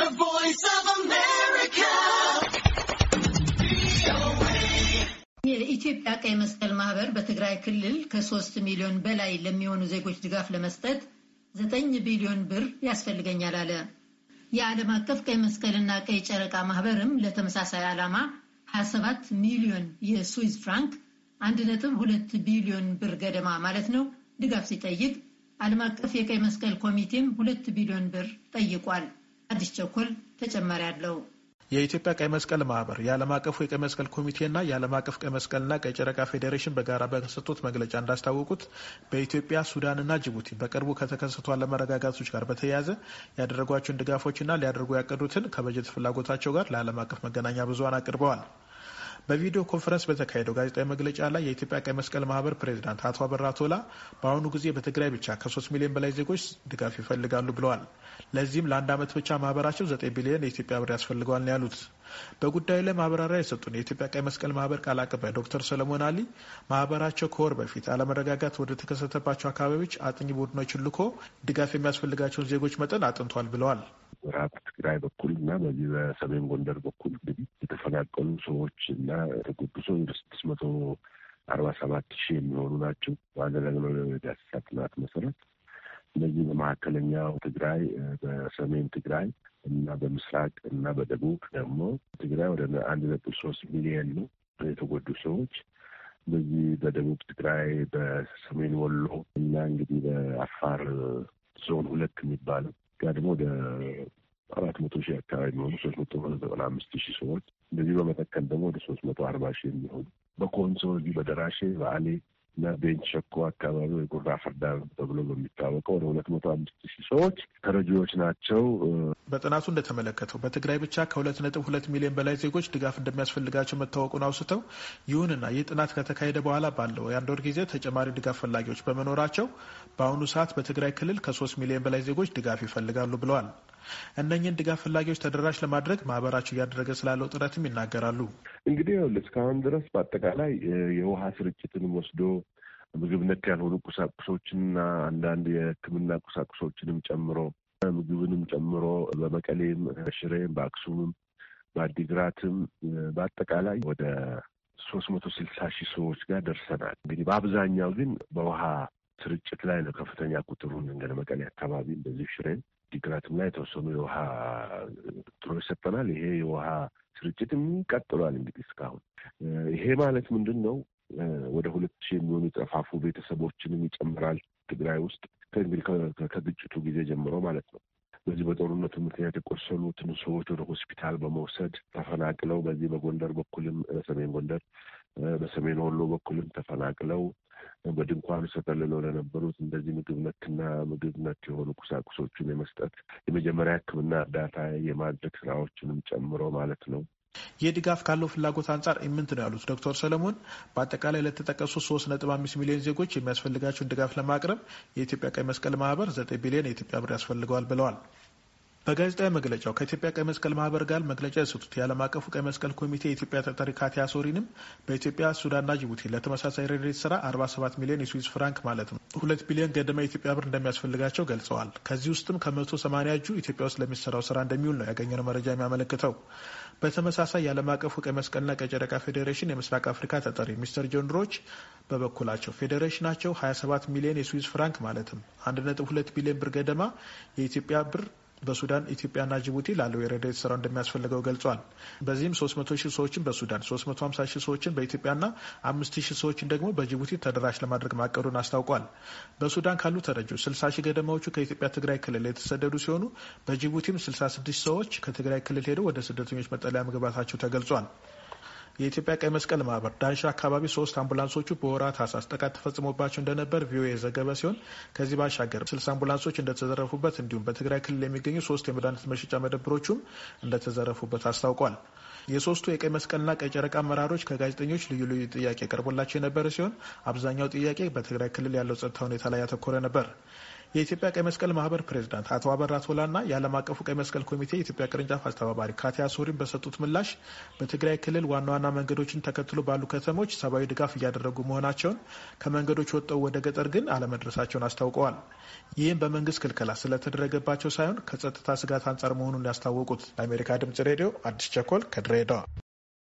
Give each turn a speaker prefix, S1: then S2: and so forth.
S1: The Voice of America.
S2: የኢትዮጵያ ቀይ መስቀል ማህበር በትግራይ ክልል ከሶስት ሚሊዮን በላይ ለሚሆኑ ዜጎች ድጋፍ ለመስጠት ዘጠኝ ቢሊዮን ብር ያስፈልገኛል አለ። የዓለም አቀፍ ቀይ መስቀልና ቀይ ጨረቃ ማህበርም ለተመሳሳይ ዓላማ 27 ሚሊዮን የስዊዝ ፍራንክ 1.2 ቢሊዮን ብር ገደማ ማለት ነው ድጋፍ ሲጠይቅ ዓለም አቀፍ የቀይ መስቀል ኮሚቴም 2 ቢሊዮን ብር ጠይቋል። አዲስ ቸኮል ተጨማሪ አለው።
S1: የኢትዮጵያ ቀይ መስቀል ማህበር የዓለም አቀፉ የቀይ መስቀል ኮሚቴና የዓለም አቀፍ ቀይ መስቀልና ቀይ ጨረቃ ፌዴሬሽን በጋራ በሰጡት መግለጫ እንዳስታወቁት በኢትዮጵያ ሱዳንና ጅቡቲ በቅርቡ ከተከሰቱ አለመረጋጋቶች ጋር በተያያዘ ያደረጓቸውን ድጋፎችና ሊያደርጉ ያቀዱትን ከበጀት ፍላጎታቸው ጋር ለዓለም አቀፍ መገናኛ ብዙሀን አቅርበዋል። በቪዲዮ ኮንፈረንስ በተካሄደው ጋዜጣዊ መግለጫ ላይ የኢትዮጵያ ቀይ መስቀል ማህበር ፕሬዚዳንት አቶ አበራ ቶላ በአሁኑ ጊዜ በትግራይ ብቻ ከሶስት ሚሊዮን በላይ ዜጎች ድጋፍ ይፈልጋሉ ብለዋል። ለዚህም ለአንድ ዓመት ብቻ ማህበራቸው ዘጠኝ ቢሊዮን የኢትዮጵያ ብር ያስፈልገዋል ነው ያሉት። በጉዳዩ ላይ ማብራሪያ የሰጡን የኢትዮጵያ ቀይ መስቀል ማህበር ቃል አቀባይ ዶክተር ሰለሞን አሊ ማህበራቸው ከወር በፊት አለመረጋጋት ወደ ተከሰተባቸው አካባቢዎች አጥኚ ቡድኖችን ልኮ ድጋፍ የሚያስፈልጋቸውን ዜጎች መጠን አጥንቷል ብለዋል።
S3: ምዕራብ ትግራይ በኩል በሰሜን ጎንደር በኩል እንግዲህ የተፈናቀሉ ሰዎች እና የተጎዱ ሰው ወደ ስድስት መቶ አርባ ሰባት ሺህ የሚሆኑ ናቸው። ባደረግነው ዳሰሳ ጥናት መሰረት እነዚህ በመካከለኛው ትግራይ፣ በሰሜን ትግራይ እና በምስራቅ እና በደቡብ ደግሞ ትግራይ ወደ አንድ ነጥብ ሶስት ሚሊየን ነው የተጎዱ ሰዎች በዚህ በደቡብ ትግራይ፣ በሰሜን ወሎ እና እንግዲህ በአፋር ዞን ሁለት የሚባለው ጋር ደግሞ ወደ አራት መቶ ሺህ አካባቢ የሚሆኑ ሶስት መቶ ዘጠና አምስት ሺህ ሰዎች እንደዚህ በመተከል ደግሞ ወደ ሶስት መቶ አርባ ሺህ የሚሆኑ በኮንሶ እዚህ በደራሼ በአሌ እና ቤንች ሸኮ አካባቢ ወይ ጉራ ፈርዳ ተብሎ በሚታወቀው ወደ ሁለት መቶ አምስት ሺህ ሰዎች ተረጂዎች ናቸው።
S1: በጥናቱ እንደተመለከተው በትግራይ ብቻ ከሁለት ነጥብ ሁለት ሚሊዮን በላይ ዜጎች ድጋፍ እንደሚያስፈልጋቸው መታወቁን አውስተው፣ ይሁንና ይህ ጥናት ከተካሄደ በኋላ ባለው የአንድ ወር ጊዜ ተጨማሪ ድጋፍ ፈላጊዎች በመኖራቸው በአሁኑ ሰዓት በትግራይ ክልል ከሶስት ሚሊዮን በላይ ዜጎች ድጋፍ ይፈልጋሉ ብለዋል። እነኝን ድጋፍ ፈላጊዎች ተደራሽ ለማድረግ ማህበራቸው እያደረገ ስላለው ጥረትም ይናገራሉ። እንግዲህ ያው
S3: እስካሁን ድረስ በአጠቃላይ የውሃ ስርጭትን ወስዶ ምግብ ነክ ያልሆኑ ቁሳቁሶችንና አንዳንድ የሕክምና ቁሳቁሶችንም ጨምሮ ምግብንም ጨምሮ በመቀሌም፣ ሽሬም፣ በአክሱምም፣ በአዲግራትም በአጠቃላይ ወደ ሶስት መቶ ስልሳ ሺህ ሰዎች ጋር ደርሰናል። እንግዲህ በአብዛኛው ግን በውሃ ስርጭት ላይ ነው ከፍተኛ ቁጥሩን እንደ መቀሌ አካባቢ እንደዚህ ሽሬን ችግራትና የተወሰኑ የውሃ ትሮች ሰጥተናል። ይሄ የውሃ ስርጭትም ቀጥሏል። እንግዲህ እስካሁን ይሄ ማለት ምንድን ነው? ወደ ሁለት ሺህ የሚሆኑ የጠፋፉ ቤተሰቦችንም ይጨምራል ትግራይ ውስጥ ከእንግዲህ ከግጭቱ ጊዜ ጀምሮ ማለት ነው። በዚህ በጦርነቱ ምክንያት የቆሰሉትን ሰዎች ወደ ሆስፒታል በመውሰድ ተፈናቅለው በዚህ በጎንደር በኩልም በሰሜን ጎንደር በሰሜን ወሎ በኩልም ተፈናቅለው በድንኳኑ ውስጥ ተጠልለው ለነበሩት እንደዚህ ምግብ ነክና ምግብ ነክ የሆኑ ቁሳቁሶችን የመስጠት የመጀመሪያ ሕክምና እርዳታ የማድረግ ስራዎችንም ጨምሮ ማለት ነው።
S1: ይህ ድጋፍ ካለው ፍላጎት አንጻር ኢምንት ነው ያሉት ዶክተር ሰለሞን በአጠቃላይ ለተጠቀሱ ሶስት ነጥብ አምስት ሚሊዮን ዜጎች የሚያስፈልጋቸውን ድጋፍ ለማቅረብ የኢትዮጵያ ቀይ መስቀል ማህበር ዘጠኝ ቢሊዮን የኢትዮጵያ ብር ያስፈልገዋል ብለዋል። በጋዜጣዊ መግለጫው ከኢትዮጵያ ቀይ መስቀል ማህበር ጋር መግለጫ የሰጡት የዓለም አቀፉ ቀይ መስቀል ኮሚቴ የኢትዮጵያ ተጠሪ ካቲያ ሶሪንም በኢትዮጵያ ሱዳንና ጅቡቲ ለተመሳሳይ ሬዴት ስራ 47 ሚሊዮን የስዊዝ ፍራንክ ማለት ነው ሁለት ቢሊዮን ገደማ የኢትዮጵያ ብር እንደሚያስፈልጋቸው ገልጸዋል። ከዚህ ውስጥም ከመቶ ሰማንያ እጁ ኢትዮጵያ ውስጥ ለሚሰራው ስራ እንደሚውል ነው ያገኘነው መረጃ የሚያመለክተው። በተመሳሳይ የዓለም አቀፉ ቀይ መስቀልና ቀይ ጨረቃ ፌዴሬሽን የምስራቅ አፍሪካ ተጠሪ ሚስተር ጆን ሮች በበኩላቸው ፌዴሬሽናቸው 27 ሚሊዮን የስዊዝ ፍራንክ ማለትም 1.2 ቢሊዮን ብር ገደማ የኢትዮጵያ ብር በሱዳን ኢትዮጵያና ጅቡቲ ላለው የረዳት ስራ እንደሚያስፈልገው ገልጿል። በዚህም 300 ሺህ ሰዎችን በሱዳን 350 ሺህ ሰዎችን በኢትዮጵያና 5 ሺህ ሰዎችን ደግሞ በጅቡቲ ተደራሽ ለማድረግ ማቀዱን አስታውቋል። በሱዳን ካሉ ተረጂዎች 60 ሺህ ገደማዎቹ ከኢትዮጵያ ትግራይ ክልል የተሰደዱ ሲሆኑ በጅቡቲም 66 ሰዎች ከትግራይ ክልል ሄደው ወደ ስደተኞች መጠለያ መግባታቸው ተገልጿል። የኢትዮጵያ ቀይ መስቀል ማህበር ዳንሻ አካባቢ ሶስት አምቡላንሶቹ በወራት አሳስ ጥቃት ተፈጽሞባቸው እንደነበር ቪኦኤ የዘገበ ሲሆን ከዚህ ባሻገር ስልሳ አምቡላንሶች እንደተዘረፉበት እንዲሁም በትግራይ ክልል የሚገኙ ሶስት የመድኃኒት መሸጫ መደብሮቹም እንደተዘረፉበት አስታውቋል። የሶስቱ የቀይ መስቀልና ቀይ ጨረቃ አመራሮች ከጋዜጠኞች ልዩ ልዩ ጥያቄ ቀርቦላቸው የነበረ ሲሆን አብዛኛው ጥያቄ በትግራይ ክልል ያለው ጸጥታ ሁኔታ ላይ ያተኮረ ነበር። የኢትዮጵያ ቀይ መስቀል ማህበር ፕሬዚዳንት አቶ አበራ ቶላና የዓለም አቀፉ ቀይ መስቀል ኮሚቴ የኢትዮጵያ ቅርንጫፍ አስተባባሪ ካቲያ ሶሪን በሰጡት ምላሽ በትግራይ ክልል ዋና ዋና መንገዶችን ተከትሎ ባሉ ከተሞች ሰብአዊ ድጋፍ እያደረጉ መሆናቸውን፣ ከመንገዶች ወጥተው ወደ ገጠር ግን አለመድረሳቸውን አስታውቀዋል። ይህም በመንግስት ክልከላ ስለተደረገባቸው ሳይሆን ከጸጥታ ስጋት አንጻር መሆኑን ያስታወቁት ለአሜሪካ ድምጽ ሬዲዮ አዲስ ቸኮል ከድሬዳዋ